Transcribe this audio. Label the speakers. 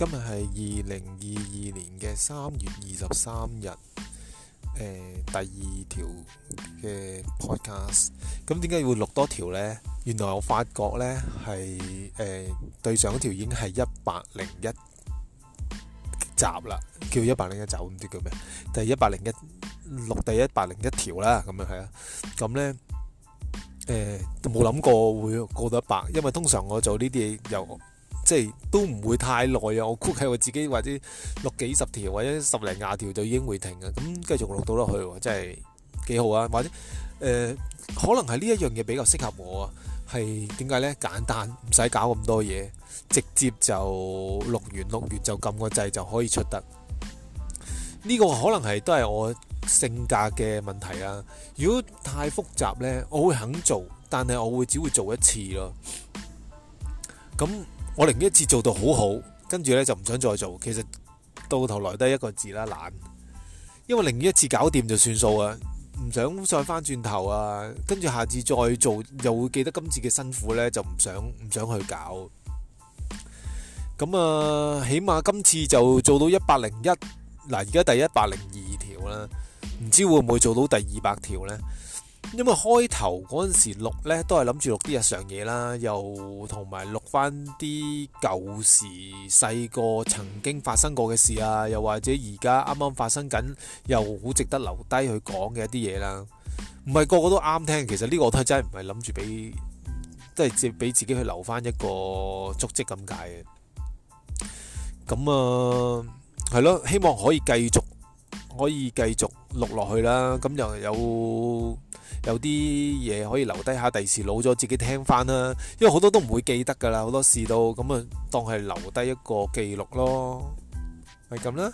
Speaker 1: 今日係二零二二年嘅三月二十三日，誒，第二條嘅 Podcast。咁點解會錄多條咧？原來我發覺咧係誒，對上一條已經係一百零一集啦，叫一百零一集唔知叫咩？第一百零一，錄第一百零一條啦，咁樣係啊。咁咧誒，冇諗過會過到一百，因為通常我做呢啲嘢又。即係都唔會太耐啊！我估係我自己，或者錄幾十條或者十零廿條就已經會停、嗯、繼啊！咁繼續錄到落去，真係幾好啊！或者誒、呃，可能係呢一樣嘢，比較適合我啊？係點解呢？簡單，唔使搞咁多嘢，直接就錄完錄完，錄完就撳個掣就可以出得。呢、這個可能係都係我性格嘅問題啊！如果太複雜呢，我會肯做，但係我會只會做一次咯。咁。我寧願一次做到好好，跟住咧就唔想再做。其實到頭來得一個字啦，懶。因為寧願一次搞掂就算數啊，唔想再翻轉頭啊。跟住下次再做，又會記得今次嘅辛苦呢，就唔想唔想去搞。咁啊，起碼今次就做到一百零一嗱，而家第一百零二條啦，唔知會唔會做到第二百條呢？因為開頭嗰陣時錄呢，都係諗住錄啲日常嘢啦，又同埋錄翻啲舊時細個曾經發生過嘅事啊，又或者而家啱啱發生緊又好值得留低去講嘅一啲嘢啦。唔係個個都啱聽，其實呢個都係真係唔係諗住俾，即係借俾自己去留翻一個足跡咁解嘅。咁啊，係、呃、咯，希望可以繼續。可以繼續錄落去啦，咁又有有啲嘢可以留低下，第時老咗自己聽翻啦。因為好多都唔會記得㗎啦，好多事都咁啊，當係留低一個記錄咯，係咁啦。